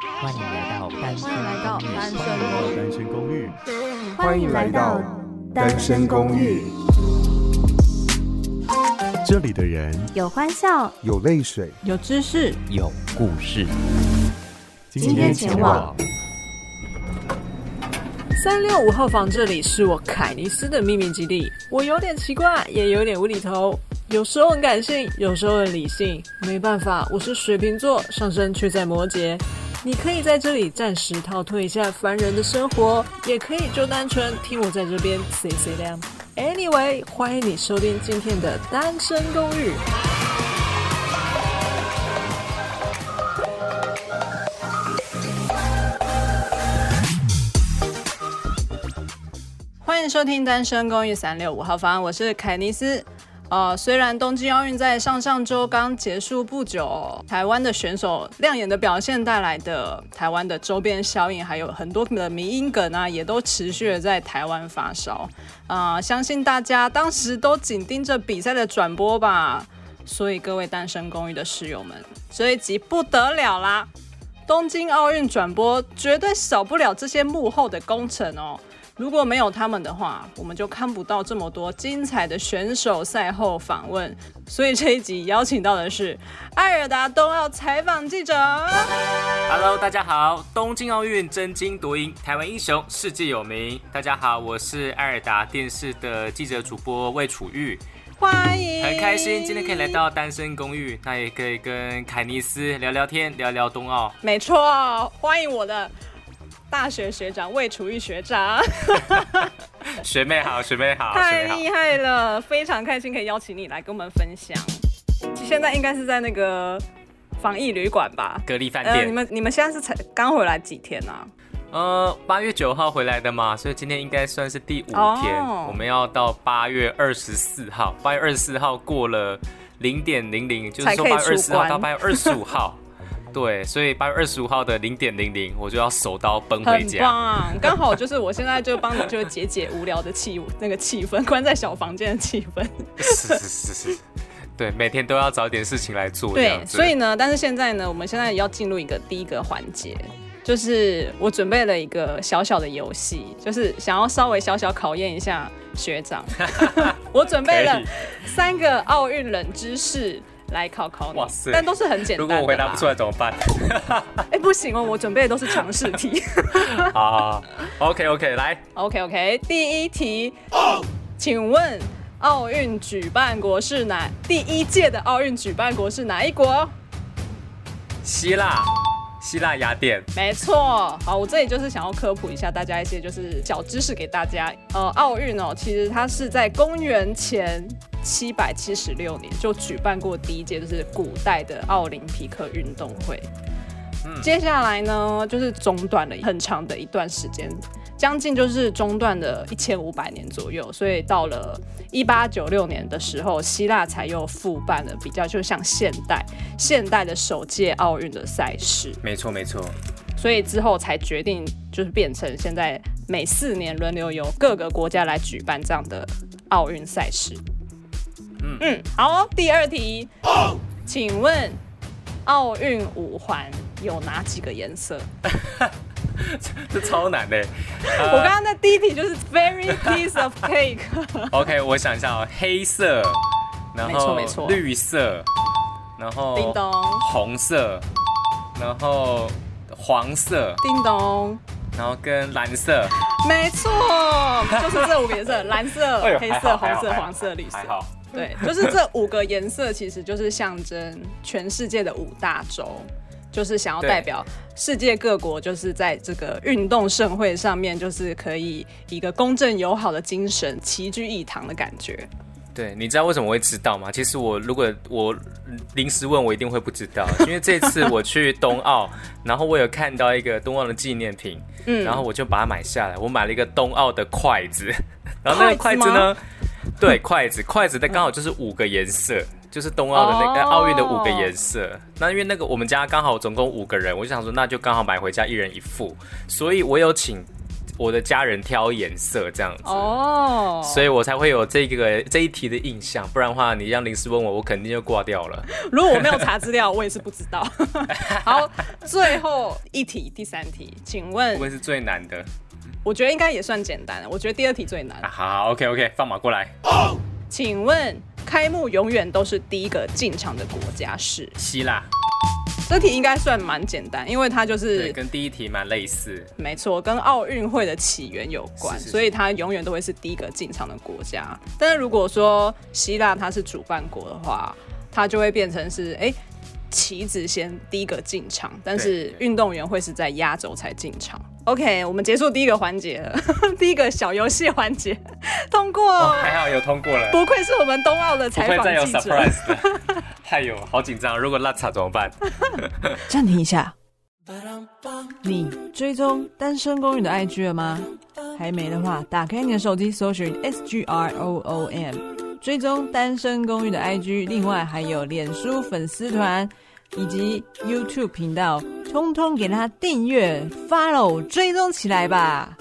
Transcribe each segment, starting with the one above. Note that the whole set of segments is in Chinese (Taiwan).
歡迎來到單身，歡迎，單身歡迎來到單身公寓，歡迎來到單身公寓。公寓這裡的人有歡笑，有淚水，有知識，有故事。今天前往三六五號房，這裡是我凱妮絲的秘密基地。我有點奇怪，也有點無厘頭，有時候很感性，有時候很理性。沒辦法，我是水瓶座，上升卻在摩羯。你可以在這裡暫時逃脫一下凡人的生活，也可以就單純聽我在這邊 say say 亮。Anyway，歡迎你收聽今天的《單身公寓》。歡迎收聽《單身公寓》三六五號房，我是凱妮絲。呃，雖然東京奧運在上上周剛結束不久，台灣的選手亮眼的表現帶來的台灣的周邊效應，還有很多的迷因梗啊，也都持續的在台灣發燒。啊、呃，相信大家當時都緊盯着比賽的轉播吧，所以各位單身公寓的室友們，這一集不得了啦！東京奧運轉播絕對少不了這些幕後的功臣哦、喔。如果沒有他們的話，我們就看不到這麼多精彩的選手賽後訪問。所以這一集邀請到的是愛爾達東奧採訪記者。Hello，大家好，東京奧運真金奪銀，台灣英雄，世界有名。大家好，我是愛爾達電視的記者主播魏楚育，歡迎，很開心今天可以來到單身公寓，那也可以跟凱妮絲聊聊天，聊聊東奧。沒錯，歡迎我的。大學學長魏楚育學長， 學妹好，學妹好，太厲害了，非常開心可以邀請你來跟我們分享。嗯、現在應該是在那個防疫旅館吧，隔離飯店、呃。你們你們現在是才剛回來幾天呢、啊？呃，八月九號回來的嘛，所以今天應該算是第五天。哦、我們要到八月二十四號，八月二十四號過了零點零零，就是說八月二十四號到八月二十五號。 對，所以八月二十五號的零點零零，我就要手刀奔回家。啊、剛好就是我現在就幫你，就解解無聊的氣， 那個氣氛，關在小房間的氣氛。是，是是是，對，每天都要找點事情來做。對，所以呢，但是現在呢，我們現在要進入一個第一個環節，就是我準備了一個小小的遊戲，就是想要稍微小小考驗一下學長。 我準備了三個奧運冷知識。來考考你，哇塞但都是很簡單的。如果我回答不出來怎麼辦？哎、 欸，不行哦，我準備的都是常識題。 好好，OK OK，來，OK OK，第一題，請問奧運舉辦國是哪？第一屆的奧運舉辦國是哪一國？希臘。希臘雅典，沒錯。好，我這裡就是想要科普一下大家一些就是小知識給大家。呃，奧運哦，其實它是在公元前七百七十六年就舉辦過第一屆，就是古代的奧林匹克運動會。嗯，接下來呢，就是中斷了很長的一段時間。將近就是中斷的一千五百年左右，所以到了一八九六年的時候，希臘才又復辦了比較就像現代現代的首屆奧運的賽事。沒錯沒錯。所以之後才決定就是變成現在每四年輪流由各個國家來舉辦這樣的奧運賽事。嗯嗯，好哦，第二題，oh! 請問奧運五環有哪幾個顏色？ 這超難的！我剛剛的第一題就是 very piece of cake。OK，我想一下哦，黑色，然後，沒錯，綠色，然後，叮咚，紅色，然後黃色，叮咚，然後跟藍色，咚藍色沒錯，就是這五個顏色，藍色、 哎、呦黑色、好紅色、好黃色、好綠色，好對，就是這五個顏色，其實就是象徵全世界的五大洲。就是想要代表世界各國，就是在這個運動盛會上面，就是可以以一個公正友好的精神，齊聚一堂的感覺。對，你知道為什麼我會知道嗎？其實我如果我臨時問，我一定會不知道，因為這次我去東奧， 然後我有看到一個東奧的紀念品，嗯，然後我就把它買下來，我買了一個東奧的筷子，然後那個筷子呢，筷子嗎？對，筷子，筷子，它剛好就是五個顏色。就是東奧的那個奧運的五個顏色，oh. 那因為那個我們家剛好總共五個人，我就想說那就剛好買回家一人一副，所以我有請我的家人挑顏色這樣子，哦，oh. 所以我才會有這個這一題的印象，不然的話你讓臨時問我，我肯定就掛掉了。如果我沒有查資料， 我也是不知道。 好，最後一題，第三題，請問。問是最難的，我覺得應該也算簡單，我覺得第二題最難。啊，好，好，OK OK，放馬過來。Oh! 請問。開幕永遠都是第一個進場的國家是希臘。這題應該算蠻簡單，因為它就是跟第一題蠻類似。沒錯，跟奧運會的起源有關，是是是是，所以它永遠都會是第一個進場的國家。但是如果說希臘它是主辦國的話，它就會變成是誒。欸旗子先第一個進場，但是運動員會是在壓軸才進場。對 OK，我們結束第一個環節，第一個小遊戲環節，通過，哦，還好有通過了。不愧是我們東奧的採訪記者，太有， 有，好緊張，如果亂插怎麼辦？暫 停一下，你追蹤單身公寓的 IG 了嗎？還沒的話，打開你的手機，搜尋 S G R O O M。追蹤單身公寓的 IG，另外還有臉書粉絲團以及 YouTube 頻道，通通給他訂閱、Follow、追蹤起來吧。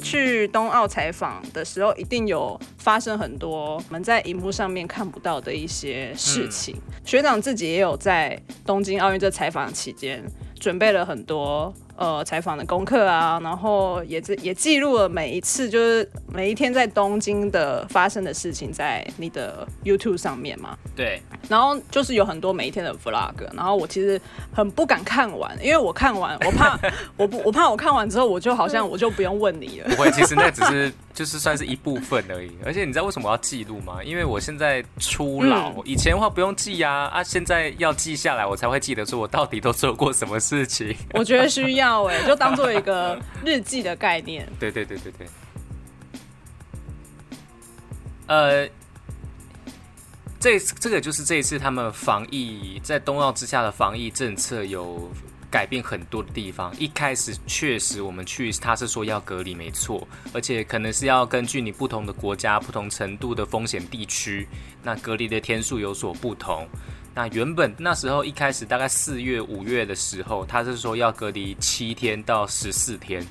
去東奧採訪的時候，一定有發生很多我們在熒幕上面看不到的一些事情。嗯、學長自己也有在東京奧運這採訪期間準備了很多。呃，採訪的功課啊，然後也是也記錄了每一次，就是每一天在東京的發生的事情，在你的 YouTube 上面嘛。對。然後就是有很多每一天的 Vlog，然後我其實很不敢看完，因為我看完，我怕 我不，我怕我看完之後，我就好像我就不用問你了。不會，其實那只是。 就是算是一部分而已， 而且你知道為什麼我要記錄嗎？因為我現在初老，嗯、以前的話不用記呀、啊，啊，現在要記下來，我才會記得說我到底都做過什麼事情。我覺得需要哎、欸， 就當做一個日記的概念。對 對對對對。呃，這這個就是這一次他們防疫在東奧之下的防疫政策有。改變很多的地方。一開始確實我們去，他是說要隔離，沒錯，而且可能是要根據你不同的國家、不同程度的風險地區，那隔離的天數有所不同。那原本那時候一開始大概四月、五月的時候，他是說要隔離七天到十四天，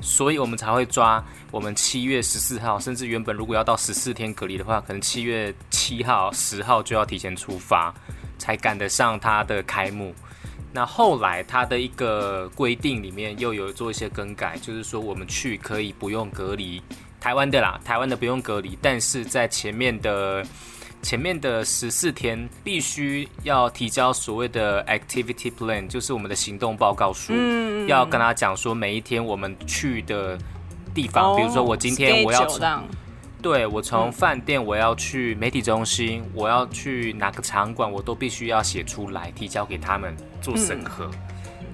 所以我們才會抓我們七月十四號，甚至原本如果要到十四天隔離的話，可能七月七號、十號就要提前出發，才趕得上它的開幕。那後來，它的一個規定裡面又有做一些更改，就是說我們去可以不用隔離台灣的啦，台灣的不用隔離，但是在前面的前面的十四天，必須要提交所謂的 Activity Plan，就是我們的行動報告書，嗯、要跟他講說每一天我們去的地方，嗯、比如說我今天我要、oh, 對我從飯店，我要去媒體中心，嗯、我要去哪個場館，我都必須要寫出來，提交給他們做審核。嗯、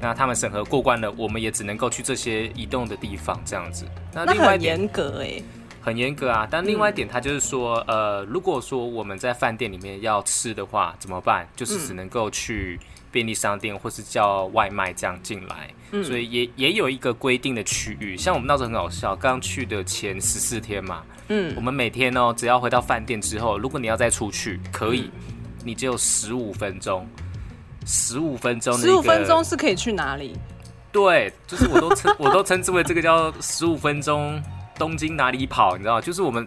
那他們審核過關了，我們也只能夠去這些移動的地方，這樣子。那另外一點，那很嚴格誒、欸，很嚴格啊。但另外一點，他就是說，嗯、呃，如果說我們在飯店裡面要吃的話，怎麼辦？就是只能夠去。便利商店或是叫外賣這樣進來，所以也、也有一個規定的區域。嗯、像我們那時候很好笑，剛去的前十四天嘛，嗯，我們每天哦、喔，只要回到飯店之後，如果你要再出去，可以，嗯、你只有十五分鐘，十五分鐘的十五分鐘是可以去哪裡？對，就是我都稱，我都稱之為這個叫十五分鐘東京哪裡跑，你知道就是我們。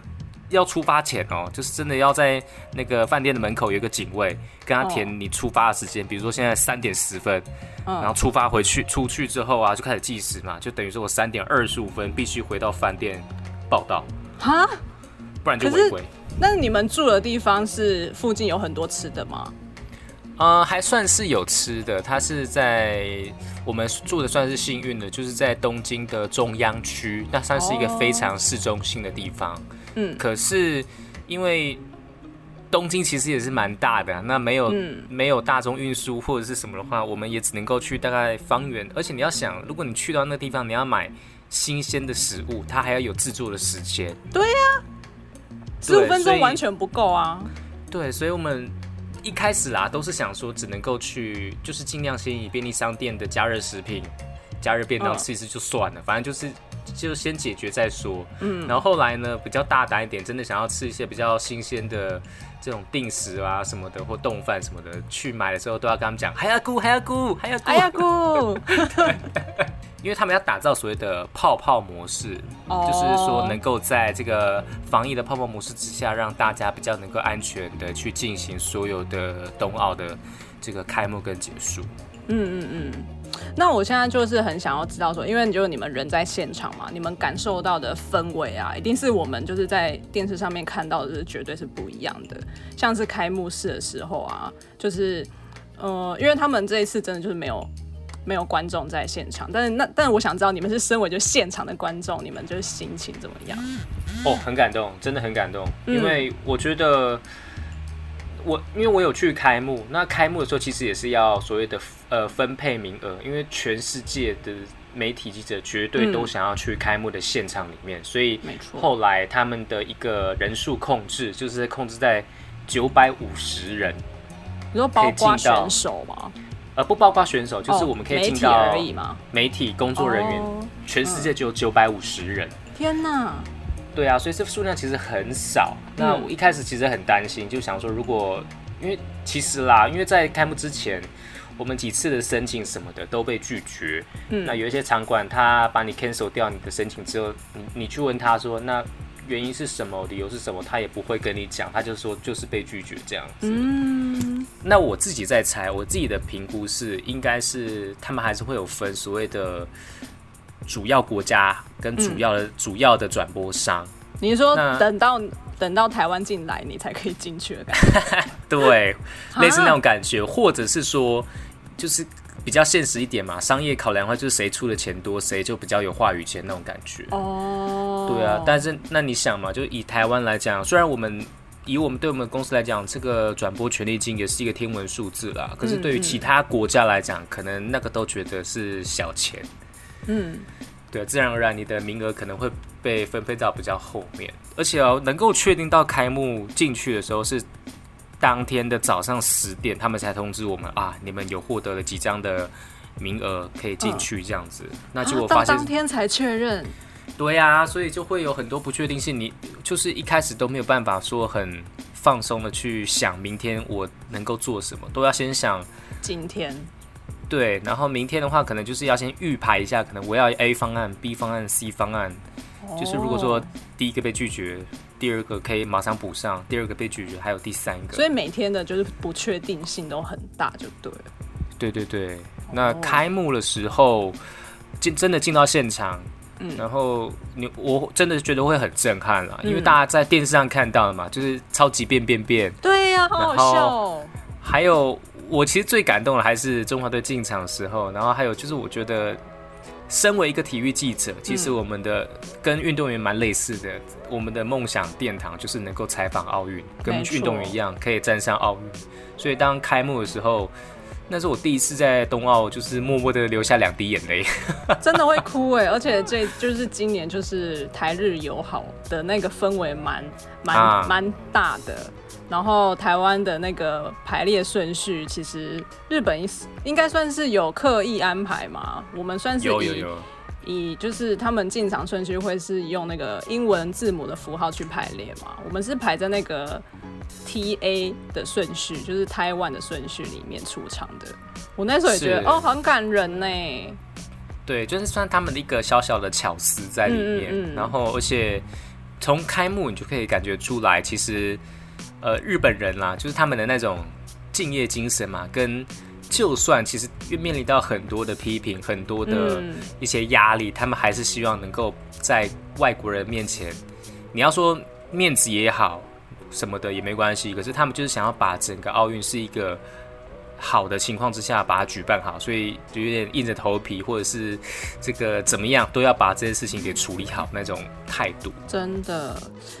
要出發前哦、喔，就是真的要在那個飯店的門口有一個警衛，跟他填你出發的時間，oh. 比如說現在三點十分，oh. 然後出發回去，出去之後啊，就開始計時嘛，就等於說我三點二十五分必須回到飯店報到，Huh? 不然就違規。那你們住的地方是附近有很多吃的嗎？呃，還算是有吃的，它是在我們住的算是幸運的，就是在東京的中央區，那算是一個非常市中心的地方。Oh. 嗯，可是因為東京其實也是蠻大的、啊，那沒有、嗯、沒有大眾運輸或者是什麼的話，我們也只能夠去大概方圓。而且你要想，如果你去到那個地方，你要買新鮮的食物，它還要有製作的時間。對呀、啊，十五分鐘完全不夠啊。對！對，所以，我們一開始啊，都是想說，只能夠去，就是盡量先以便利商店的加熱食品、加熱便當、嗯、吃一吃就算了，反正就是。就先解決再說。嗯，然後後來呢，比較大膽一點，真的想要吃一些比較新鮮的這種定食啊什麼的，或丼飯什麼的，去買的時候都要跟他們講，還要雇，還要雇，還要還要雇。因為他們要打造所謂的泡泡模式，oh. 就是說，能夠在這個防疫的泡泡模式之下，讓大家比較能夠安全的去進行所有的東奧的這個開幕跟結束。 嗯嗯嗯。那我現在就是很想要知道說，因為就是你們人在現場嘛，你們感受到的氛圍啊，一定是我們就是在電視上面看到的，是絕對是不一樣的。像是開幕式的時候啊，就是，呃，因為他們這一次真的就是沒有沒有觀眾在現場，但是那但是我想知道，你們是身為就現場的觀眾，你們就是心情怎麼樣？哦，很感動，真的很感動，嗯，因為我覺得我因為我有去開幕，那開幕的時候其實也是要所謂的。呃，分配名額，因為全世界的媒體記者絕對都想要去開幕的現場裡面，嗯、所以後來他們的一個人數控制就是控制在九百五十人。如果包括選手嗎？呃，不包括選手，就是我們可以進到媒體工作人員，哦、全世界只有九百五十人，嗯。天哪！對啊，所以這數量其實很少。那我一開始其實很擔心，嗯、就想說，如果因為其實啦，因為在開幕之前。我們幾次的申請什麼的都被拒絕，嗯、那有一些場館他把你 cancel 掉你的申請之後，你你去問他說，那原因是什麼，理由是什麼，他也不會跟你講，他就說就是被拒絕這樣子。嗯，那我自己在猜，我自己的評估是應該是他們還是會有分所謂的主要國家跟主要的、嗯、主要的轉播商。你說等到。等到台灣進來，你才可以進去的感覺。 對，類似那種感覺，或者是說，就是比較現實一點嘛。商業考量的話，就是誰出的錢多，誰就比較有話語權那種感覺。哦，對啊。但是那你想嘛，就以台灣來講，雖然我們以我們對我們公司來講，這個轉播權利金也是一個天文數字啦。可是對於其他國家來講，可能那個都覺得是小錢。嗯。對、啊，自然而然，你的名額可能會。被分配到比較後面，而且哦、喔，能夠確定到開幕進去的時候是當天的早上十點，他們才通知我們啊，你們有獲得了幾張的名額可以進去這樣子。Oh. 那就我發現、啊、到當天才確認。嗯、對呀、啊，所以就會有很多不確定性，你就是一開始都沒有辦法說很放鬆的去想明天我能夠做什麼，都要先想今天。對，然後明天的話，可能就是要先預排一下，可能我要 A 方案、B 方案、C 方案。就是如果說第一個被拒絕，第二個可以馬上補上，第二個被拒絕，還有第三個，所以每天的就是不確定性都很大，就對，對對對。那開幕的時候進、oh. 真的進到現場，嗯，然後你我真的覺得會很震撼了，嗯、因為大家在電視上看到的嘛，就是超級變變變，對呀、啊，然後好好笑、哦、還有我其實最感動的還是中華隊進場的時候，然後還有就是我覺得。身為一個體育記者，其實我們的跟運動員蠻類似的。嗯、我們的夢想殿堂就是能夠採訪奧運，跟運動員一樣可以站上奧運。沒錯。所以當開幕的時候，那是我第一次在冬奧，就是默默的流下兩滴眼淚， 真的會哭哎、欸！而且這就是今年就是台日友好的那個氛圍蠻蠻蠻大的。啊然後台灣的那個排列順序，其實日本應該算是有刻意安排嘛。我們算是以有有以就是他們進場順序會是用那個英文字母的符號去排列嘛。我們是排在那個 T A 的順序，就是台灣的順序裡面出場的。我那時候也覺得是哦，很感人呢。對，就是算他們的一個小小的巧思在裡面。嗯嗯嗯然後，而且從開幕你就可以感覺出來，其實。呃，日本人啦、啊，就是他們的那種敬業精神嘛，跟就算其實面臨到很多的批評，很多的一些壓力，他們還是希望能夠在外國人面前，你要說面子也好，什麼的也沒關係，可是他們就是想要把整個奧運是一個。好的情況之下把它舉辦好，所以就有點硬着頭皮，或者是這個怎麼樣都要把這些事情給處理好那種態度。真的，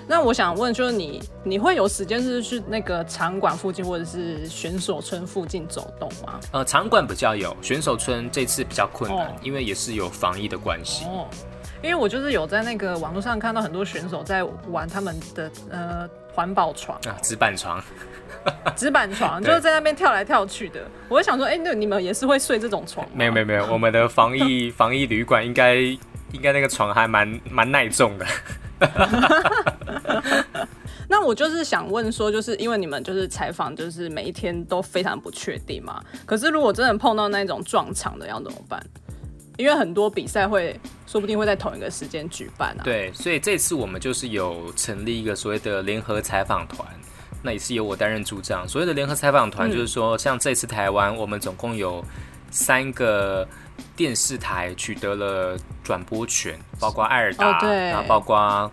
那我想問，就是你你會有時間是，是去那個場館附近或者是選手村附近走動嗎？呃，場館比較有，選手村這次比較困難，哦，因為也是有防疫的關係。哦，因為我就是有在那個網絡上看到很多選手在玩他們的呃。環保床啊，紙板床，紙 板床就是在那邊跳來跳去的。對我會想說，哎、欸，那你們也是會睡這種床？沒有沒有沒有，我們的防疫防疫旅館應該 應該那個床還蠻蠻耐重的。 那我就是想問說，就是因為你們就是採訪，就是每一天都非常不確定嘛。可是如果真的碰到那種撞牆的，要怎麼辦？因為很多比賽會說不定會在同一個時間舉辦啊。對，所以這次我們就是有成立一個所謂的聯合採訪團，那也是由我擔任組長。所謂的聯合採訪團，就是說、嗯、像這次台灣，我們總共有三個電視台取得了轉播權，包括愛爾達，哦、對，然後包括。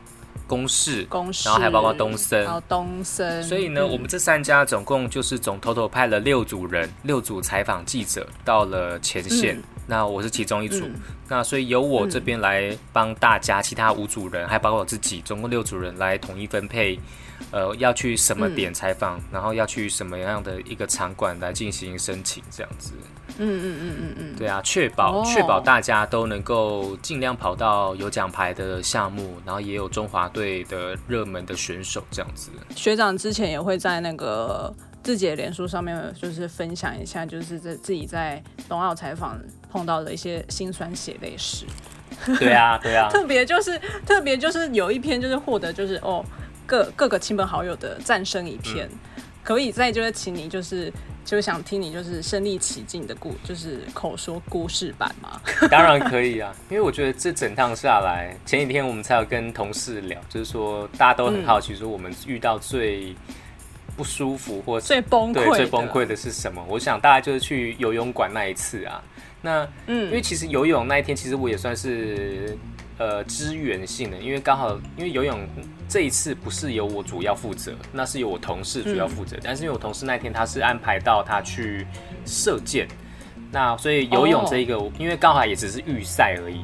公事，公事，然後還包括東森，東森。所以呢，嗯、我們這三家總共就是總偷偷派了六組人，六組採訪記者到了前線。嗯、那我是其中一組，嗯、那所以由我這邊來幫大家，嗯、其他五組人還包括我自己，總共六組人來統一分配。呃，要去什麼點採訪，嗯、然後要去什麼樣的一個場館來進行申請，這樣子。嗯嗯嗯嗯嗯。嗯嗯嗯對啊，確保確保、oh. 大家都能夠盡量跑到有獎牌的項目，然後也有中華隊的熱門的選手這樣子。學長之前也會在那個自己的臉書上面，就是分享一下，就是在自己在東奧採訪碰到的一些心酸血淚史。對啊，對啊。 特別就是特別就是有一篇就是獲得就是哦。Oh, 各各個親朋好友的讚聲一片，嗯、可以再就是請你就是就是想聽你就是身歷其境的故，就是口說故事版嗎？當然可以啊，因為我覺得這整趟下來，前幾天我們才有跟同事聊，就是說大家都很好奇，說我們遇到最不舒服或者最崩潰、最崩潰的，的是什麼？我想大家就是去游泳館那一次啊，那嗯，因為其實游泳那一天，其實我也算是。呃，支援性的，因為剛好，因為游泳這一次不是由我主要負責，那是由我同事主要負責。嗯、但是因為我同事那天他是安排到他去射箭，那所以游泳這一個，哦、因為剛好也只是預賽而已，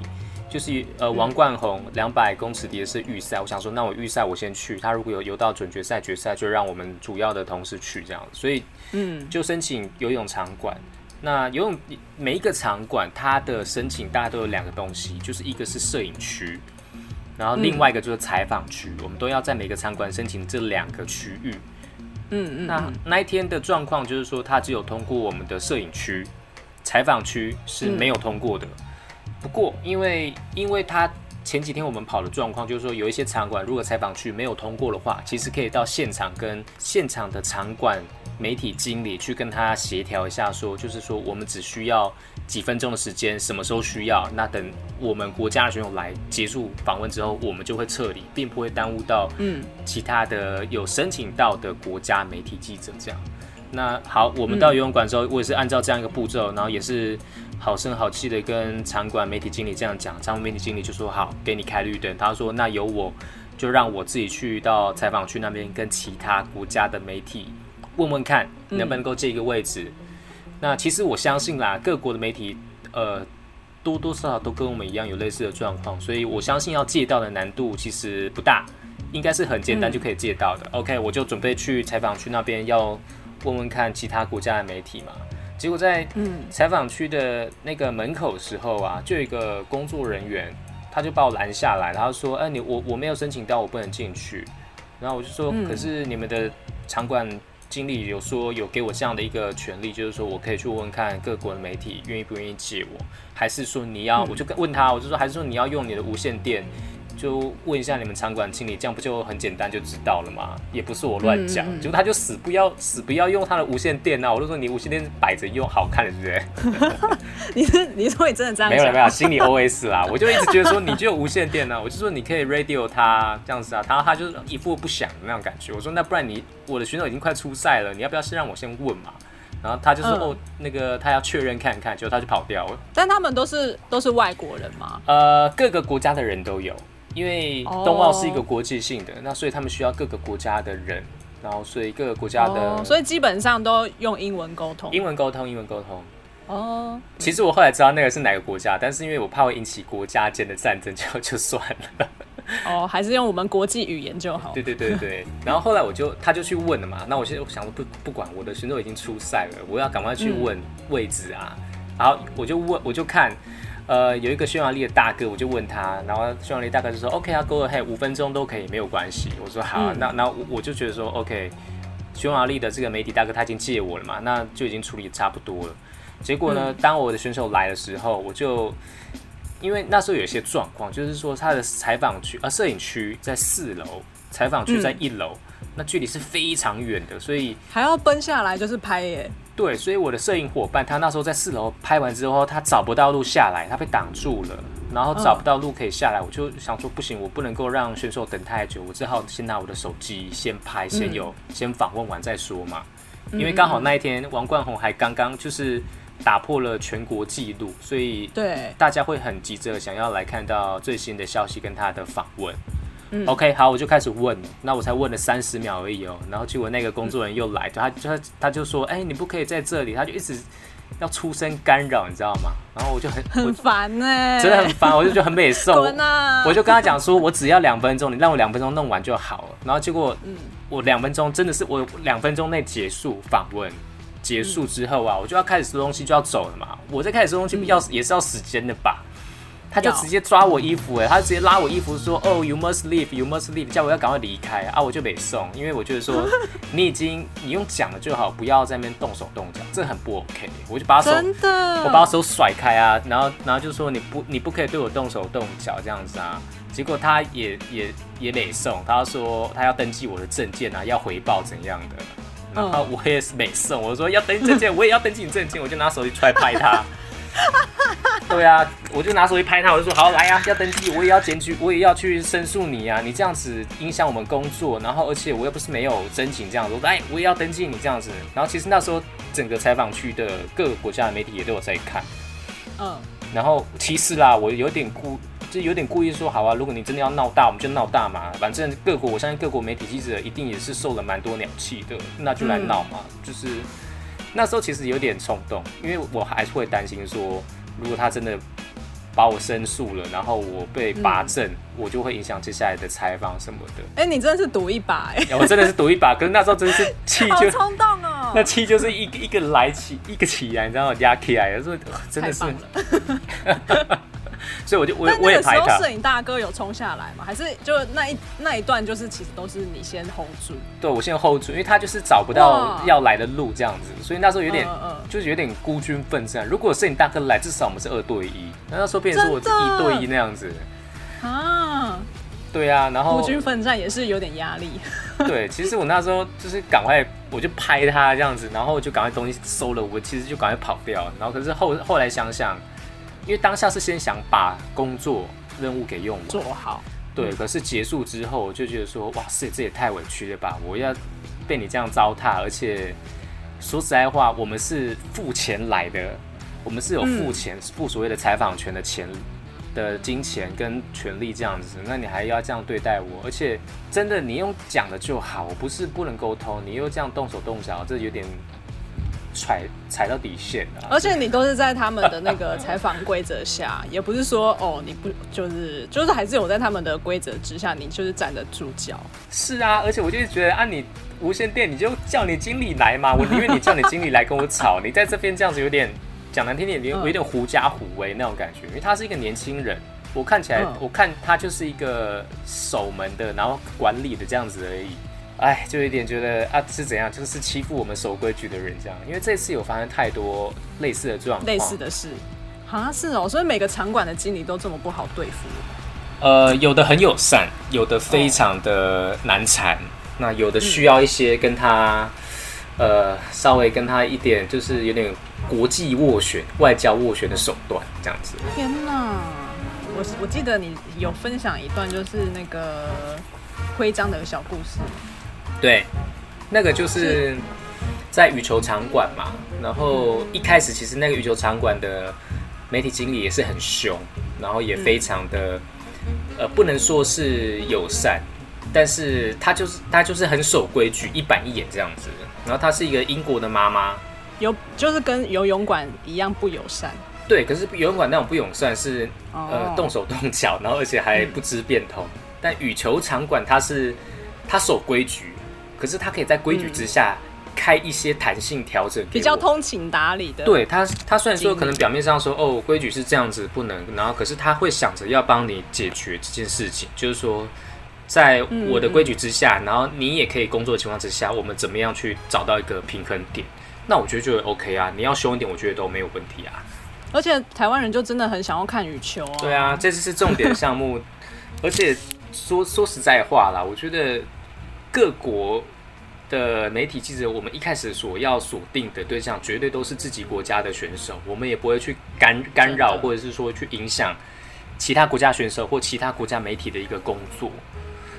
就是呃王冠閎兩百公尺蝶是預賽，嗯、我想說那我預賽我先去，他如果有游到準決賽決賽，就讓我們主要的同事去這樣子，所以嗯，就申請游泳場館。那游泳每一個場館，它的申請大概都有兩個東西，就是一個是攝影區，然後另外一個就是採訪區，嗯、我們都要在每個場館申請這兩個區域。嗯嗯。那嗯那一天的狀況就是說，它只有通過我們的攝影區，採訪區是沒有通過的。嗯、不過因，因為因為他前幾天我們跑的狀況，就是說有一些場館，如果採訪區沒有通過的話，其實可以到現場跟現場的場館媒體經理去跟他協調一下說，說就是說我們只需要幾分鐘的時間，什麼時候需要，那等我們國家的選手來結束訪問之後，我們就會撤離，並不會耽誤到嗯其他的有申請到的國家媒體記者這樣。嗯、那好，我們到游泳館之後，我也是按照這樣一個步驟，嗯、然後也是好聲好氣的跟場館媒體經理這樣講，場館媒體經理就說好，給你開綠燈。他說那由我就讓我自己去到採訪區那邊跟其他國家的媒體。問問看能不能夠借一個位置？嗯、那其實我相信啦，各國的媒體呃多多少少都跟我們一樣有類似的狀況，所以我相信要借到的難度其實不大，應該是很簡單就可以借到的。嗯、OK，我就準備去採訪區那邊要問問看其他國家的媒體嘛。結果在採訪區的那個門口時候啊，就有一個工作人員他就把我攔下來，然後說：“哎，你我我沒有申請到，我不能進去。”然後我就說：“嗯、可是你們的場館。”經理有說有給我這樣的一個權利，就是說我可以去問問看各國的媒體願意不願意借我，還是說你要、嗯、我就問他，我就說還是說你要用你的無線電。就問一下你們場館經理，這樣不就很簡單就知道了嗎？也不是我亂講，嗯嗯、結果他就死不要死不要用他的無線電啊！我就說你無線電擺着用，好看是不是？ 你是你說你真的這樣？沒有沒有，心裡 OS 啦、啊， 我就一直覺得說你就有無線電呢，我就說你可以 radio 他這樣子啊，他他就一副不響的那種感覺。我說那不然你我的選手已經快出賽了，你要不要先讓我先問嘛？然後他就說、嗯、哦，那個他要確認看看，結果他就跑掉了。但他們都是都是外國人嗎？呃，各個國家的人都有。因為東奧是一個國際性的，oh. 那所以他們需要各個國家的人，然後所以各個國家的，oh. 所以基本上都用英文溝通，通，英文溝通，英文溝通。哦，其實我後來知道那個是哪個國家，但是因為我怕會引起國家間的戰爭就，就就算了。哦，oh, 還是用我們國際語言就好。 對對對對，然後後來我就他就去問了嘛，那我現在想不不管我的選手已經出賽了，我要趕快去問位置啊，嗯、然後我就問我就看。呃，有一個匈牙利的大哥，我就問他，然後匈牙利大哥就說、嗯、：“OK 啊，h e a d 五分鐘都可以，沒有關係。”我說：“好，那那我就覺得說，OK，匈牙利的這個媒體大哥他已經借我了嘛，那就已經處理的差不多了。結果呢，當我的選手來的時候，我就因為那時候有一些狀況，就是說他的採訪區啊，攝影區在四樓，採訪區在一樓。嗯”那距離是非常遠的，所以還要奔下來就是拍耶。對，所以我的攝影夥伴他那時候在四樓拍完之後，他找不到路下來，他被擋住了，然後找不到路可以下來，哦、我就想說不行，我不能夠讓選手等太久，我只好先拿我的手機先拍，先有、嗯、先訪問完再說嘛。嗯嗯，因為剛好那一天王冠宏還剛剛就是打破了全國紀錄，所以對大家會很急着想要來看到最新的消息跟他的訪問。嗯、OK，好，我就開始問，那我才問了三十秒而已哦、喔，然後結果那個工作人員又來，嗯、就他他他就說，哎、欸，你不可以在這裡，他就一直要出聲干擾，你知道嗎？然後我就很我很煩哎、欸，真的很煩，我就覺得很難受。啊、我就跟他講說，我只要兩分鐘，你讓我兩分鐘弄完就好了。然後結果，嗯、2> 我兩分鐘真的是我兩分鐘內結束訪問，結束之後啊，嗯、我就要開始收東西就要走了嘛，我在開始收東西要、嗯、也是要時間的吧。他就直接抓我衣服，欸、，哎，他直接拉我衣服說：“哦、oh,，you must leave，you must leave，叫我要趕快離開啊，啊！”我就沒送，因為我覺得說你已經你用講了就好，不要在那邊動手動腳，這很不 OK、欸。我就把手，真的，我把他手甩開啊，然後然後就說你不你不可以對我動手動腳這樣子啊！結果他也也也沒送，他說他要登記我的證件啊，要回報怎樣的，然後我也是沒送，我說要登記證件，我也要登記你證件， 我就拿手機出來拍他。 對呀、啊，我就拿手機拍他，我就說好來呀、啊，要登記，我也要檢舉，我也要去申訴你呀、啊，你這樣子影響我們工作，然後而且我又不是沒有申請這樣子，我說：‘哎，我也要登記你這樣子，然後其實那時候整個採訪區的各個國家的媒體也都有在看，嗯，然後其實啦，我有點故就有點故意說好啊，如果你真的要鬧大，我們就鬧大嘛，反正各國我相信各國媒體記者一定也是受了蠻多鳥氣的，那就來鬧嘛，嗯、就是。那時候其實有點衝動，因為我還是會擔心說，如果他真的把我申訴了，然後我被罰正，嗯、我就會影響接下來的採訪什麼的。哎、欸，你真的是賭一把哎、欸欸！我真的是賭一把， 可是那時候真的是氣就衝 動哦，那氣就是一個一個來氣，一個起來，你知道嗎？起來我壓氣啊，就是真的是。棒 所以我就我我也拍他。那那個時候攝影大哥有衝下來嗎？還是就那一那一段就是其實都是你先 hold 住。對，我先 hold 住，因為他就是找不到要來的路這樣子，Wow. 所以那時候有點 uh, uh. 就是有點孤軍奮戰。如果攝影大哥來，至少我們是二對一，那那時候變成是我一對一那樣子。啊的。對啊。然後孤軍奮戰也是有點壓力。 對，其實我那時候就是趕快我就拍他這樣子，然後就趕快東西收了，我其實就趕快跑掉了。然後可是後後來想想。因為當下是先想把工作任務給用做好，對。嗯、可是結束之後，我就覺得說，哇塞，這也太委屈了吧！我要被你這樣糟蹋，而且說實在話，我們是付錢來的，我們是有付錢、嗯、付所謂的採訪權的錢的金錢跟權利這樣子，那你還要這樣對待我？而且真的，你用講的就好，我不是不能溝通，你又這樣動手動腳，這有點。踩、踩到底線啊，而且你都是在他們的那個採訪規則下， 也不是說哦，你不就是就是還是有在他們的規則之下，你就是站得住腳。是啊，而且我就是覺得，按、啊、你無線電，你就叫你經理來嘛。我寧願你叫你經理來跟我吵， 你在這邊這樣子有點講難聽點，有點有點狐假虎威那種感覺。嗯、因為他是一個年輕人，我看起來、嗯、我看他就是一個守門的，然後管理的這樣子而已。哎，就有點覺得啊，是怎樣，就是欺負我們守規矩的人這樣。因為這次有發生太多類似的狀況，類似的事啊，是哦，所以每個場館的經理都這麼不好對付？呃，有的很友善，有的非常的難纏，哦、那有的需要一些跟他、嗯、呃，稍微跟他一點，就是有點國際斡旋、外交斡旋的手段這樣子。天哪，我我記得你有分享一段就是那個徽章的小故事。對，那個就是在羽球場館嘛。是然後一開始，其實那個羽球場館的媒體經理也是很凶，然後也非常的、嗯、呃，不能說是友善，但是他就是他就是很守規矩，一板一眼這樣子。然後他是一個英國的媽媽，有就是跟游泳館一樣不友善。對，可是游泳館那種不友善是呃、oh. 動手動腳，然後而且還不知變通。嗯、但羽球場館他是他守規矩。可是他可以在規矩之下、嗯、開一些彈性調整，比較通情達理的。對他，他雖然說可能表面上說哦，規矩是這樣子不能，然後可是他會想着要幫你解決這件事情。就是說，在我的規矩之下，嗯、然後你也可以工作的情況之下，嗯、我們怎麼樣去找到一個平衡點？那我覺得就 OK 啊，你要凶一點，我覺得都沒有問題啊。而且台灣人就真的很想要看羽球哦、啊。對啊，這次是重點項目， 而且說說實在話啦，我覺得。各國的媒體記者，我們一開始所要鎖定的對象，絕對都是自己國家的選手，我們也不會去干干擾或者是說去影響其他國家選手或其他國家媒體的一個工作。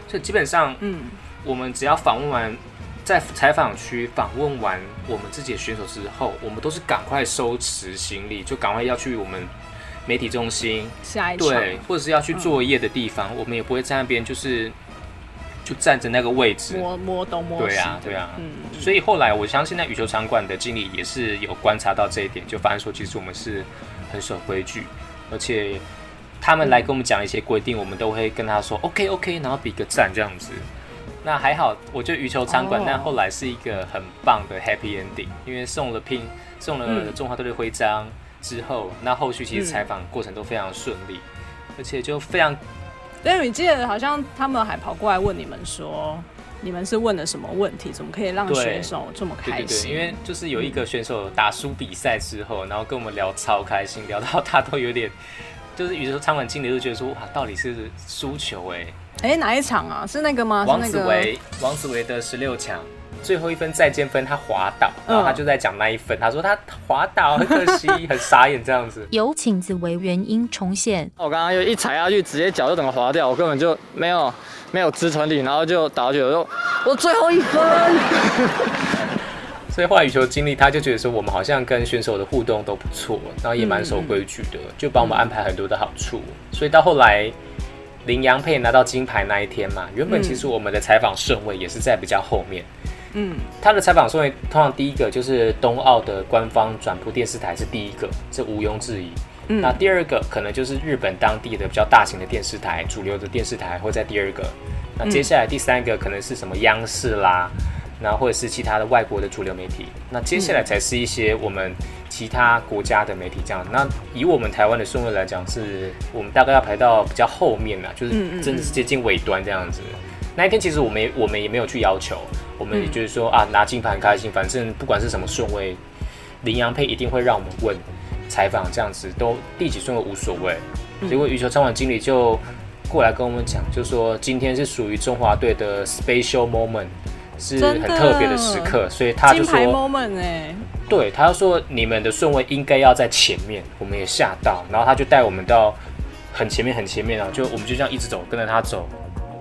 所以基本上，嗯，我們只要訪問完在採訪區訪問完我們自己的選手之後，我們都是趕快收拾行李，就趕快要去我們媒體中心，對，或者是要去作業的地方，我們也不會在那邊就是。就站着那個位置，摸摸都摸對呀、啊，對呀。對啊、嗯。所以後來我相信在羽球場館的經理也是有觀察到這一點，就發現說其實我們是很守規矩，而且他們來跟我們講一些規定，嗯、我們都會跟他說、嗯、OK OK，然後比個讚這樣子。那還好，我覺得羽球場館，但、哦、後來是一個很棒的 Happy Ending，因為送了拼，送了中華隊的徽章之後、嗯、之後，那後續其實採訪過程都非常順利，嗯、而且就非常。所以你記得，好像他們還跑過來問你們說，你們是問了什麼問題？怎麼可以讓選手這麼開心？對、對、對、對，因為就是有一個選手打輸比賽之後，嗯、然後跟我們聊超開心，聊到他都有點，就是比如說，蒼滿經理就覺得說，哇，到底是輸球誒、欸。誒，哪一場啊？是那個嗎？王子維，那個、王子維的十六強。最後一分再見分，他滑倒，然後他就在講那一分，他說他滑倒，很可惜，很傻眼這樣子。 有請子為原音重現。我剛剛又一踩下去，直接腳就整個滑掉，我根本就沒有沒有支撐力，然後就倒下去。我就我最後一分。 所以羽球經理，他就覺得說我們好像跟選手的互動都不錯，然後也蠻守規矩的，嗯、就幫我們安排很多的好處。所以到後來麟洋配拿到金牌那一天嘛，原本其實我們的採訪順位也是在比較後面。嗯，他的採訪順位通常第一個就是東奧的官方轉播電視台是第一個，這毋庸置疑。嗯、那第二個可能就是日本當地的比較大型的電視台，主流的電視台會在第二個。那接下來第三個可能是什麼央視啦，那、嗯、或者是其他的外國的主流媒體。那接下來才是一些我們其他國家的媒體這樣。那以我們台灣的順位來講，是我們大概要排到比較後面啦，就是真的是接近尾端這樣子。嗯嗯嗯、那一天其實我們我們也沒有去要求。我們也就是說、嗯、啊，拿金牌很開心，反正不管是什麼順位，麟洋配一定會讓我們問採訪，這樣子都第幾順位無所謂。結果羽球場館經理就過來跟我們講，就說今天是屬於中華隊的 special moment，是很特別的時刻，的所以他就說金牌 moment、欸，對，他就說你們的順位應該要在前面，我們也嚇到，然後他就帶我們到很前面很前面啊，就我們就這樣一直走，跟着他走。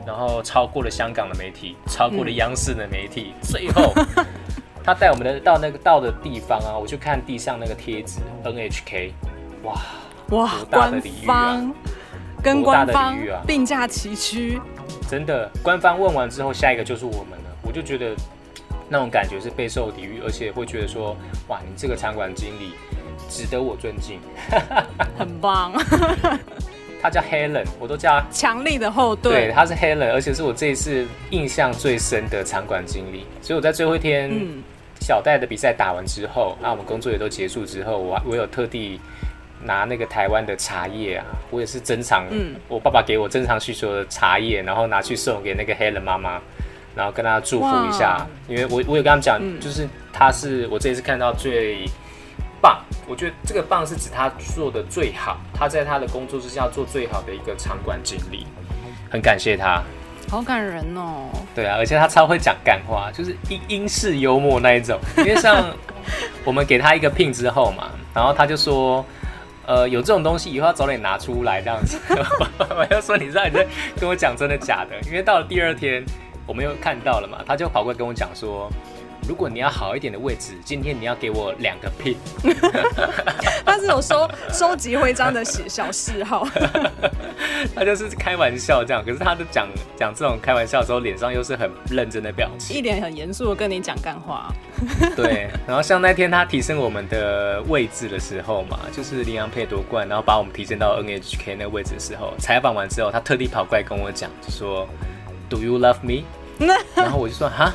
然後超過了香港的媒體，超過了央視的媒體。嗯、最後，他帶我們的到那個到的地方啊，我就看地上那個貼紙，NHK，哇哇，多大的禮遇啊！跟官方並、啊、駕齊驅，真的。官方問完之後，下一個就是我們了。我就覺得那種感覺是備受禮遇，而且會覺得說，哇，你這個場館經理值得我尊敬， 很棒。 他叫 Helen，我都叫他強力的後盾。對，他是 Helen，而且是我這一次印象最深的場館經理。所以我在最後一天，嗯、小戴的比賽打完之後，啊，我們工作也都結束之後，我我有特地拿那個台灣的茶葉啊，我也是珍藏，嗯、我爸爸給我珍藏許久的茶葉，然後拿去送給那個 Helen 媽媽，然後跟她祝福一下，哇因為我我有跟他們講，嗯、就是他是我這一次看到最。嗯棒，我覺得這個棒是指他做的最好，他在他的工作之下做最好的一個場館經理，很感謝他，好感人哦。對啊，而且他超會講幹話，就是英英式幽默那一種，因為像我們給他一個聘之後嘛，然後他就說，呃，有這種東西以後要早點拿出來這樣子，我 就說你知道你在跟我講真的假的？因為到了第二天，我們又看到了嘛，他就跑過來跟我講說。如果你要好一點的位置，今天你要給我兩個 pin 他是有收收集徽章的小嗜好， 他就是開玩笑這樣。可是他就講講這種開玩笑的時候，臉上又是很認真的表情，一臉很嚴肅的跟你講幹話。 對，然後像那天他提升我們的位置的時候嘛，就是麟洋配奪冠，然後把我們提升到 NHK 那個位置的時候，採訪完之後，他特地跑過來跟我講，就說 Do you love me？ 然後我就說哈。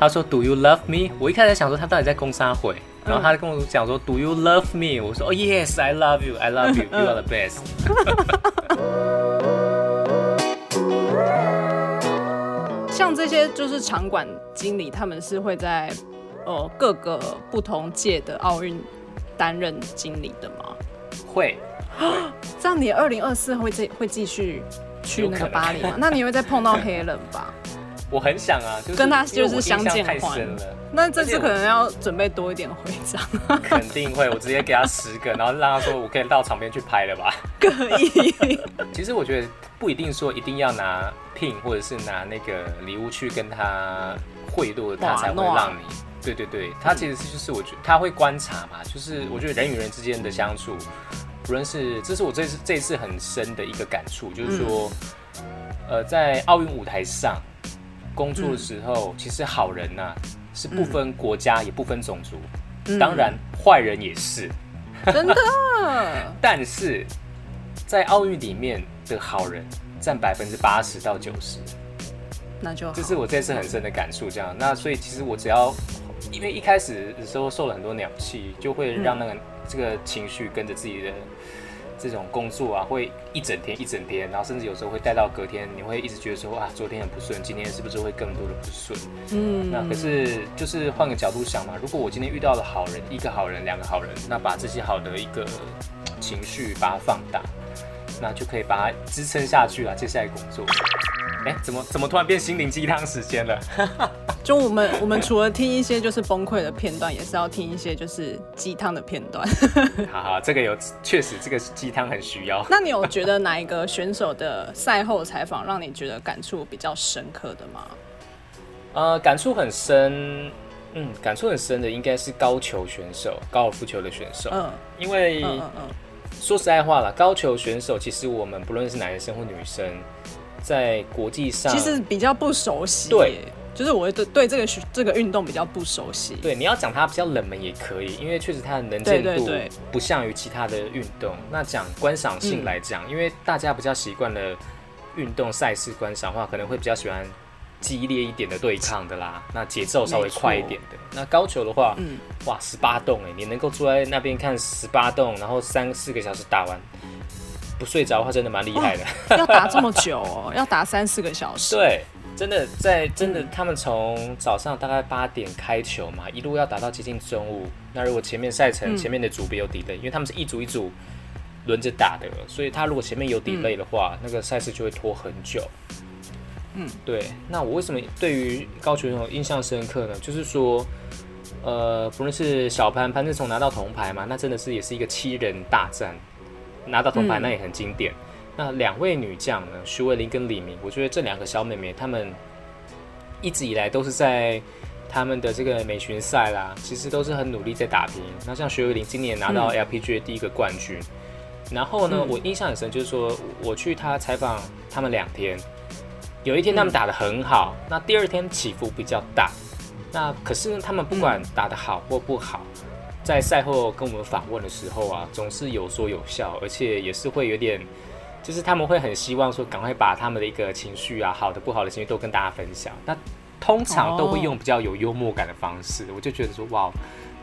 他說 "Do you love me？" 我一開始在想說他到底在攻三會。然後他就跟我講說 "Do you love me？" 我說 "Oh yes, I love you, I love you, you are the best." 像這些就是場館經理，他們是會在呃各個不同屆的奧運擔任經理的嗎？會。這樣你二零二四會這會繼續去那個巴黎嗎？那你也會再碰到黑人吧？ 我很想啊，就是、跟他就是相見歡。那這次可能要準備多一點徽章。 肯定會，我直接給他十個，然後讓他說我可以到場邊去拍了吧？ 可以依。 其實我覺得不一定說一定要拿 pin 或者是拿那個禮物去跟他賄賂他才會讓你。哇對對對，他其實是就是我覺得他會觀察嘛，就是我覺得人與人之間的相處，嗯、不論是這是我這次這次很深的一個感觸，就是說，嗯、呃，在奧運舞台上。工作的時候，嗯、其實好人吶、啊、是不分國家、嗯、也不分種族，嗯、當然壞人也是，真的。 但是在奧運裡面的、這個、好人占百分之八十到九十，那就這是我這次很深的感受感觸。這樣，嗯、那所以其實我只要，因為一開始的時候受了很多鳥氣，就會讓那個這個情緒跟着自己的。嗯這種工作啊，會一整天一整天，然後甚至有時候會帶到隔天，你會一直覺得說啊，昨天很不順，今天是不是會更多的不順？嗯，那可是就是換個角度想嘛，如果我今天遇到了好人，一個好人，兩個好人，那把這些好的一個情緒把它放大，那就可以把它支撐下去了啊，接下來工作。欸，怎麼怎麼突然變心靈雞湯時間了？ 就我們我們除了聽一些就是崩潰的片段，也是要聽一些就是雞湯的片段。 好好，這個有確實，這個是雞湯很需要。 那你有覺得哪一個選手的賽後採訪讓你覺得感觸比較深刻的嗎？呃，感觸很深，嗯，感觸很深的應該是高球選手，高爾夫球的選手。嗯，因為嗯，嗯，嗯，說實在話啦，高球選手其實我們不論是男生或女生，在國際上，其實比較不熟悉。對，就是我對對這個這個運動比較不熟悉。對，你要講它比較冷門也可以，因為確實它的能見度不像於其他的運動。對對對。那講觀賞性來講，嗯、因為大家比較習慣了運動賽事觀賞的話，可能會比較喜歡激烈一點的對抗的啦。那節奏稍微快一點的。沒錯。那高球的話，嗯、哇，十八棟哎，你能夠坐在那邊看十八洞，然後三四個小時打完。不睡着的話，真的蠻厲害的、哦。要打這麼久哦， 要打三四個小時。對，真的在真的，嗯、他們從早上大概八點開球嘛，一路要打到接近中午。那如果前面賽程、嗯、前面的組別有 delay，因為他們是一組一組輪着打的，所以他如果前面有 delay 的話，嗯、那個賽事就會拖很久。嗯，對。那我為什麼對於高球那種印象深刻呢？就是說，呃，不論是小潘潘政琮拿到銅牌嘛，那真的是也是一個七人大戰。拿到銅牌那也很經典。嗯、那兩位女將呢？徐薇淩跟李旻，我覺得這兩個小妹妹她們一直以來都是在他們的這個美巡賽啦，其實都是很努力在打拼。那像徐薇淩今年拿到 LPGA 第一個冠軍，嗯、然後呢，我印象很深，就是說我去她採訪他們兩天，有一天他們打得很好，嗯、那第二天起伏比較大，那可是呢，他們不管打得好或不好，在賽後跟我們訪問的時候啊，總是有說有笑，而且也是會有點，就是他們會很希望說，趕快把他們的一個情緒啊，好的不好的情緒都跟大家分享。那通常都會用比較有幽默感的方式，哦、我就覺得說，哇，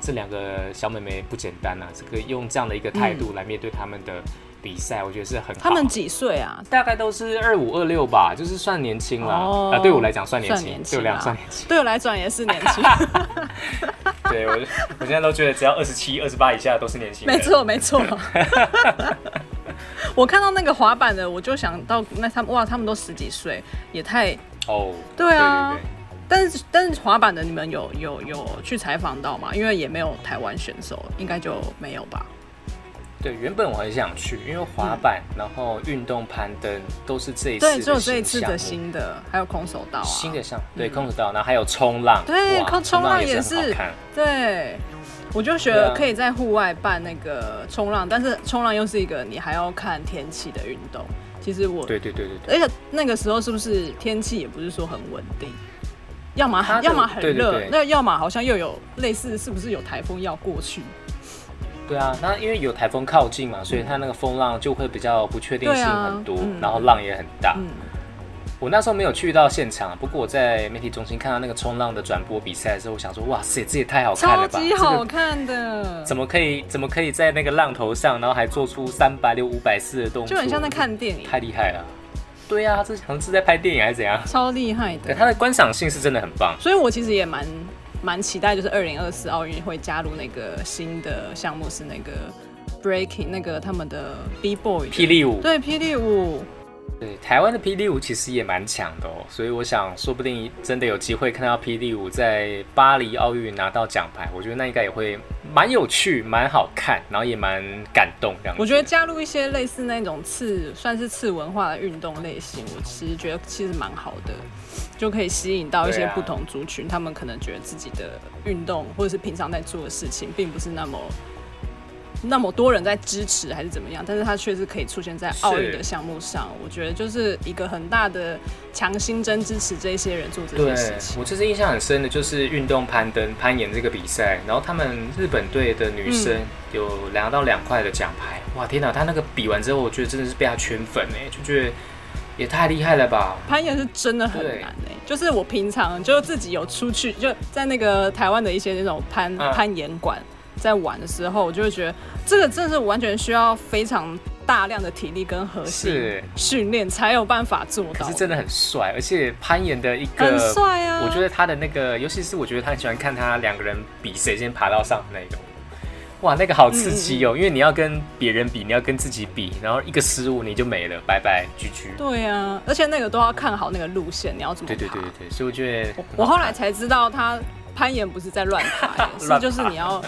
這兩個小妹妹不簡單啊，這個用這樣的一個態度來面對他們的、嗯。比賽我覺得是很好，他們幾歲啊？大概都是二五二六吧，就是算年輕了。啊、oh, 呃，對我來講算年輕，算年輕啊、對兩算年輕，對我來講也是年輕。 對我，我現在都覺得只要二十七、二十八以下都是年輕。沒錯沒錯。 我看到那個滑板的，我就想到那他們哇，他們都十幾歲，也太哦。Oh, 對啊。對對對對，但是但是滑板的你們有有有去採訪到嗎？因為也沒有台灣選手，應該就沒有吧。對，原本我很想去，因為滑板，然後運動、攀登，都是這一次只有這一次的新的，還有空手道，新的項，對，空手道，然後還有衝浪，對，衝衝浪也是，對，我就覺得可以在戶外辦那個衝浪，但是衝浪又是一個你還要看天氣的運動。其實我對對對對，而且那個時候是不是天氣也不是說很穩定，要麼要麼很熱，那要麼好像又有類似是不是有台風要過去？對啊，那因為有台風靠近嘛，所以它那個風浪就會比較不確定性很多，啊嗯、然後浪也很大。嗯、我那時候沒有去到現場，不過我在媒體中心看到那個衝浪的轉播比賽的時候，我想說：哇塞，這也太好看了吧！極好看的、這個，怎麼可以怎麼可以在那個浪頭上，然後還做出三百六五百四的動作，就很像在看電影，太厲害了。對啊，這好像是在拍電影還是怎樣？超厲害的、欸，它的觀賞性是真的很棒。所以我其實也蠻。蠻期待，就是二零二四奧運會加入那個新的項目是那個 breaking，那個他們的 b boy，對，霹靂舞，對，霹靂舞。對，台灣的霹靂舞其實也蠻強的哦、喔，所以我想，說不定真的有機會看到霹靂舞在巴黎奧運拿到獎牌，我覺得那應該也會蠻有趣、蠻好看，然後也蠻感動這樣。我覺得加入一些類似那種次，算是次文化的運動類型，我其實覺得其實蠻好的，就可以吸引到一些不同族群，啊、他們可能覺得自己的運動或者是平常在做的事情，並不是那麼。那麼多人在支持還是怎麼樣？但是它確實可以出現在奧運的項目上，是我覺得就是一個很大的強心針，支持這些人做這件事情。情。我這次印象很深的就是運動攀登攀岩這個比賽，然後他們日本隊的女生有拿到兩塊的獎牌，嗯、哇天哪！他那個比完之後，我覺得真的是被他圈粉哎、欸，就覺得也太厲害了吧！攀岩是真的很難、欸、對就是我平常就自己有出去就在那個台灣的一些那種攀、啊、攀岩館。在玩的時候，我就會覺得這個真的是完全需要非常大量的體力跟核心訓練才有辦法做到。是，嗯、可是真的很帥，而且攀岩的一個很帥啊！我覺得他的那個，尤其是我覺得他很喜歡看他兩個人比誰先爬到上那個哇，那個好刺激哦！嗯、因為你要跟別人比，你要跟自己比，然後一個失誤你就沒了，拜拜，GG。對啊，而且那個都要看好那個路線，你要怎麼爬對對對對對，所以我覺得我，我後來才知道他。攀岩不是在亂爬，是就是你要。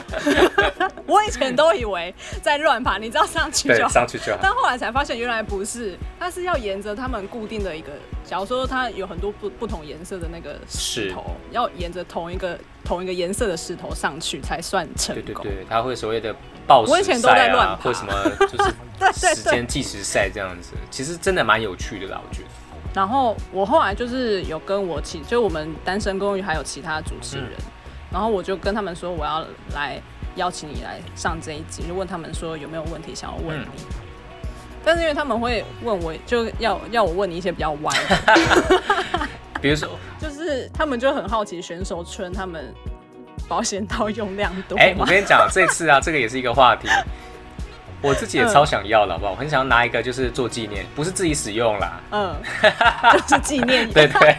我以前都以為在亂爬，你知道上去就好，上去就好。但後來才發現原來不是，它是要沿着他們固定的一個，假如說它有很多不不同顏色的那個石頭，哦、要沿着同一個同一個顏色的石頭上去才算成功。對對對，他會所謂的抱石、啊、在亂爬啊，為什麼就是時間計時 對賽這樣子，其實真的蠻有趣的啦，我覺得。然後我後來就是有跟我其，就我們單身公寓還有其他主持人，嗯、然後我就跟他們說我要來邀請你來上這一集，就問他們說有沒有問題想要問你，嗯、但是因為他們會問我，就要要我問你一些比較歪的，比如說， 就是他們就很好奇選手村他們保險套用量多嗎？哎，我跟你講，這次啊， 這個也是一個話題。我自己也超想要了，嗯、好不好？我很想要拿一個，就是做紀念，不是自己使用啦。嗯，就是紀念。 對對、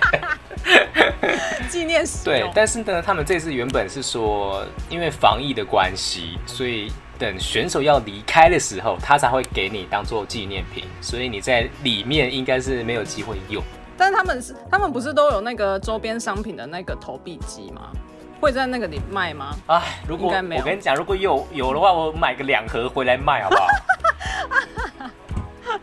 對 紀念使用。對。但是呢，他們這次原本是說，因為防疫的關係，所以等選手要離開的時候，他才會給你當做紀念品，所以你在裡面應該是沒有機會用，嗯。但是他們是，他們不是都有那個周邊商品的那個投幣機嗎？會在那個裡賣嗎？哎、啊，如果我跟你講，如果有有的話，我買個兩盒回來賣，好不好？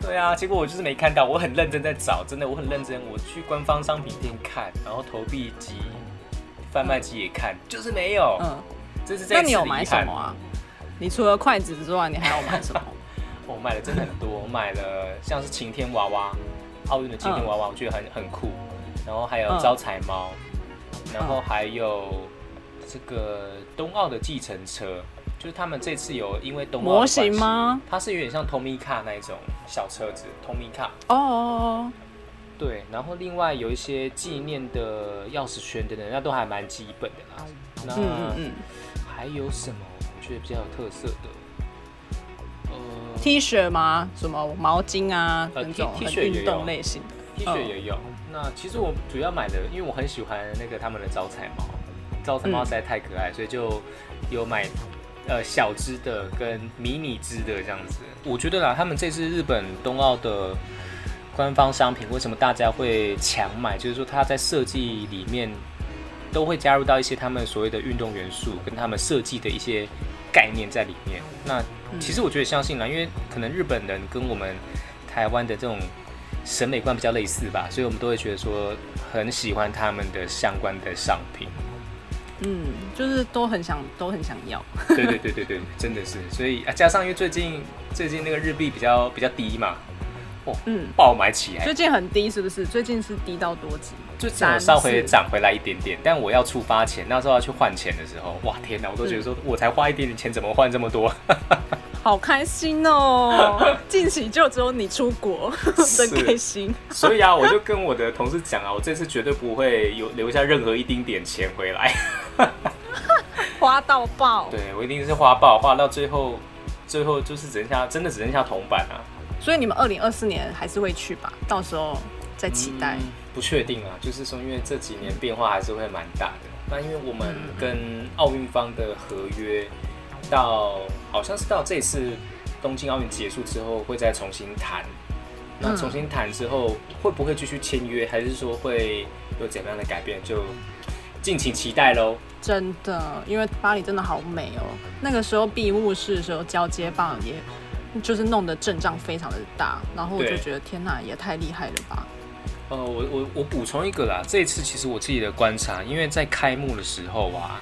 對啊，結果我就是沒看到，我很認真在找，真的，我很認真。我去官方商品店看，然後投幣機、販賣機也看，嗯、就是沒有。嗯，這是這。那你有買什麼啊？你除了筷子之外，你還要買什麼？ 我買了真的真很多，嗯、我買了像是晴天娃娃、奧運的晴天娃娃，我覺得很很酷。然後還有招財貓，嗯、然後還有。這個東奧的計程車，就是他們這次有因為東奧的模型嗎？它是有點像 Tomica 那種小車子。Tomica 哦，oh, oh, oh, oh. 對，然後另外有一些紀念的鑰匙圈等等，那都還蠻基本的啦。那還有什麼？我覺得比較有特色的，t 恤嗎？什麼毛巾啊？等等、呃、種，t 恤運動類型的 t 恤也有。Oh. 那其實我主要買的，因為我很喜歡那個他們的招財貓。貓實在太可愛，所以就有買呃小隻的跟迷你隻的這樣子。我覺得啦，他們這次日本東奧的官方商品，為什麼大家會搶買？就是說他在設計裡面都會加入到一些他們所謂的運動元素，跟他們設計的一些概念在裡面。那其實我覺得相信啦，因為可能日本人跟我們台灣的這種審美觀比較類似吧，所以我們都會覺得說很喜歡他們的相關的商品。嗯，就是都很想，都很想要。對。 對對對對，真的是，所以啊，加上因為最近最近那個日幣比較比較低嘛，哇、哦，嗯，爆買起來。最近很低是不是？最近是低到多少，就漲次。有稍微漲回來一點點。但我要出發前那時候要去換錢的時候，哇，天哪，我都覺得說我才花一點點錢，怎麼換這麼多？ 好開心哦！近期就只有你出國，真開心。以 所以啊，我就跟我的同事講啊，我這次絕對不會有留下任何一丁點，點錢回來。 花到爆，對我一定是花爆，花到最後，最後就是只剩下真的只剩下銅板啊。所以你們二零二四年還是會去吧？到時候再期待。嗯、不確定啊，就是說，因為這幾年變化還是會蠻大的。那、嗯、因為我們跟奧運方的合約到，到好像是到這次東京奧運結束之後會再重新談。那重新談之後、嗯、會不會繼續簽約，還是說會有怎麼樣的改變，就敬請期待嘍。真的，因為巴黎真的好美哦。那個時候閉幕式的時候交接棒，也就是弄得陣仗非常的大，然後我就覺得天哪，對也太厲害了吧。呃，我我我補充一個啦，這一次其實我自己的觀察，因為在開幕的時候啊，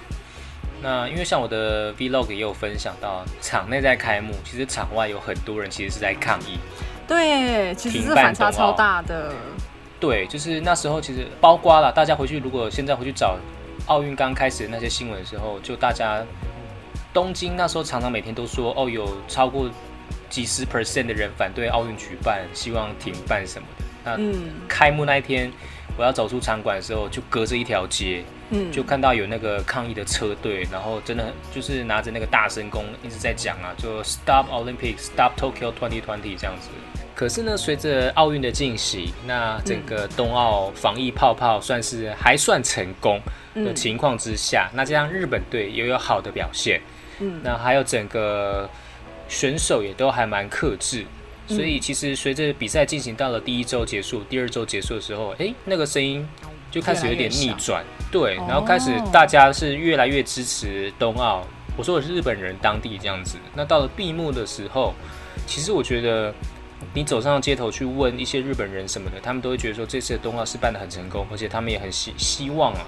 那因為像我的 vlog 也有分享到，場內在開幕，其實場外有很多人其實是在抗議。對，其實是反差超大的。對，就是那時候其實包括了，大家回去如果現在回去找。奧運剛開始的那些新聞的時候，就大家東京那時候常常每天都說，哦，有超過幾十 percent 的人反對奧運舉辦，希望停辦什麼的。那開幕那一天，我要走出場館的時候，就隔着一條街，嗯，就看到有那個抗議的車隊，嗯、然後真的就是拿着那個大聲公一直在講啊，就 Stop Olympics，Stop Tokyo 2020這樣子。可是呢，隨着奧運的進行，那整個冬奧防疫泡泡算是還算成功。的情況之下，嗯、那這樣日本隊也有好的表現，嗯，那還有整個選手也都還蠻克制，嗯、所以其實隨着比賽進行到了第一週結束，第二週結束的時候，哎，那個聲音就開始有點逆轉，越來越小，對，然後開始大家是越來越支持東奧。哦、我說我是日本人當地這樣子，那到了閉幕的時候，其實我覺得你走上街頭去問一些日本人什麼的，他們都會覺得說這次的東奧是辦得很成功，而且他們也很希希望啊。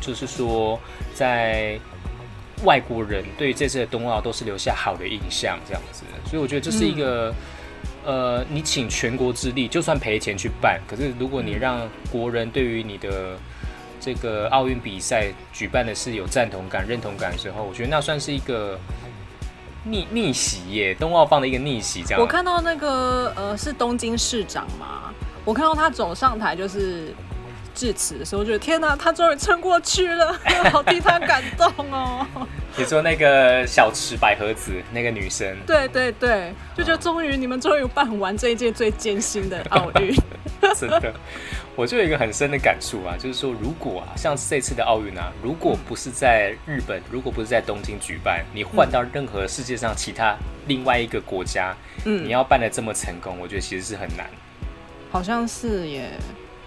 就是說，在外國人對這次的東奧都是留下好的印象，這樣子。所以我覺得這是一個，呃，你請全國之力，就算賠錢去辦。可是如果你讓國人對於你的這個奧運比賽舉辦的是有贊同感、認同感的時候，我覺得那算是一個逆逆襲耶，東奧辦的一個逆襲。這樣，我看到那個呃是東京市長嘛，我看到他走上台就是。致辭的時候，我覺得天哪、啊，他終於撐過去了， 好替他感動哦。你說那個小池百合子那個女生，對對對，就覺得終於你們終於辦完這一屆最艱辛的奧運。 真的，我就有一個很深的感觸啊，就是說，如果啊，像這次的奧運啊，如果不是在日本，嗯、如果不是在東京舉辦，你換到任何世界上其他另外一個國家，嗯，你要辦得這麼成功，我覺得其實是很難。好像是也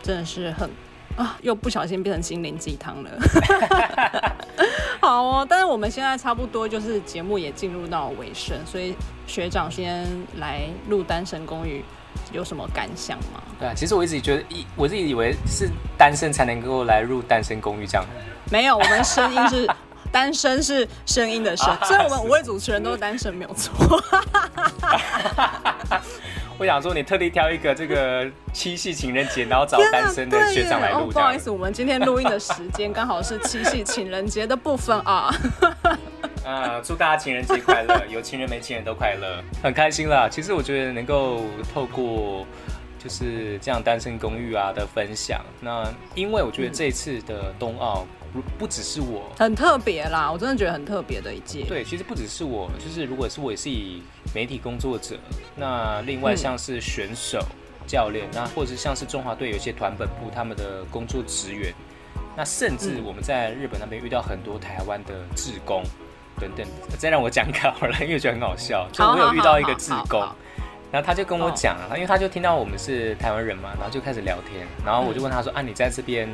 真的是很。啊，又不小心變成心靈雞湯了。 好哦，但是我們現在差不多就是節目也進入到尾聲，所以學長先來錄單身公寓，有什麼感想嗎？對啊，其實我一直覺得一，我自己以為是單身才能夠來錄單身公寓這樣。沒有，我們聲音是 單身是聲音的聲，所以我們五位主持人都是單身，沒有錯。 我想說，你特地挑一個這個七夕情人節，然後找單身的學長來錄，啊哦。不好意思，我們今天錄音的時間剛好是七夕情人節的部分啊、嗯。祝大家情人節快樂，有情人沒情人都快樂，很開心啦，其實我覺得能夠透過就是這樣單身公寓啊的分享，那因為我覺得這次的東奧。嗯不只是我，很特別啦，我真的覺得很特別的一屆。對，其實不只是我，就是如果是我也是以媒體工作者，那另外像是選手、嗯、教練，那或者像是中華隊有些團本部他們的工作職員，那甚至我們在日本那邊遇到很多台灣的志工、嗯、等等，再讓我講開了，因為我覺得很好笑，嗯、好好好，就我有遇到一個志工，好好好好好然後他就跟我講，他好因為他就聽到我們是台灣人嘛，然後就開始聊天，然後我就問他說，嗯、啊，你在這邊？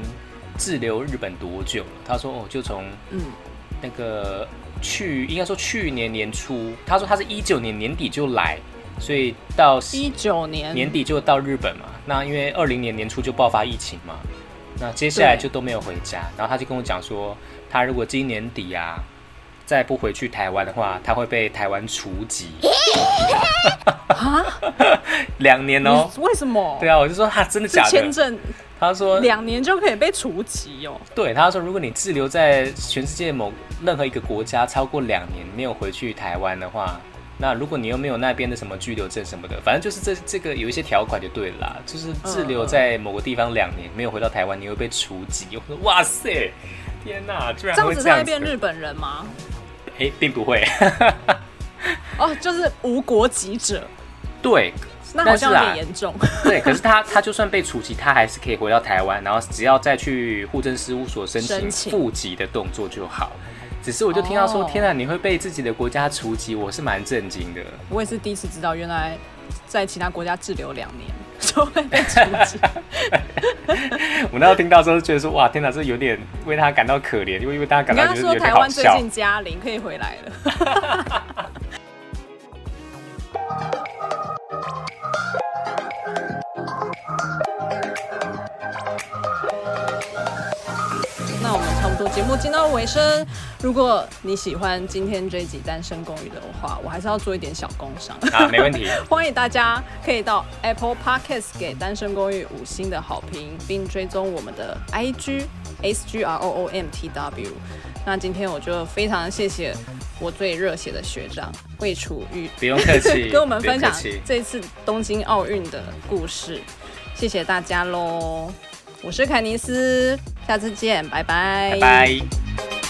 滯留日本多久了？他說哦，就從嗯那個去，應該說去年年初。他說他是一九年年底就來，所以到一九年年底就到日本嘛。那因為二零年年初就爆發疫情嘛，那接下來就都沒有回家。對然後他就跟我講說，他如果今年底啊再不回去台灣的話，他會被台灣除籍。 兩年哦？為什麼？對啊，我就說他、啊、真的假的？是簽證。他說，兩年就可以被除籍哦。對，他說，如果你滯留在全世界某任何一個國家超過兩年沒有回去台灣的話，那如果你又沒有那邊的什麼居留證什麼的，反正就是這這個有一些條款就對了啦，就是滯留在某個地方兩年沒有回到台灣，你會被除籍。嗯嗯，我說，哇塞，天哪、啊，居然這樣子會變日本人嗎？誒、欸，並不會。 哦，就是無國籍者。對。那好像有點，嚴重。對，可是他他就算被除籍，他還是可以回到台灣， 然後只要再去戶政事務所申請復籍的動作就好。只是我就聽到說，哦、天啊，你會被自己的國家除籍，我是蠻震驚的。我也是第一次知道，原來在其他國家滯留兩年就會被除籍。 我那時候聽到時候覺得說，哇，天哪，這有點為他感到可憐，因為為大家感到你跟他說有點好笑。台灣最近嘉玲可以回來了。 我進到尾聲，如果你喜歡今天這集《單身公寓》的話，我還是要做一點小工商。啊，沒問題。 歡迎大家可以到 Apple Podcasts 給《單身公寓》五星的好評，並追蹤我們的 IG SGROOMTW。那今天我就非常謝謝我最熱血的學長魏楚育，不用客氣， 跟我們分享這次東京奧運的故事。謝謝大家嘍，我是凱妮絲。下次見，拜拜。拜拜。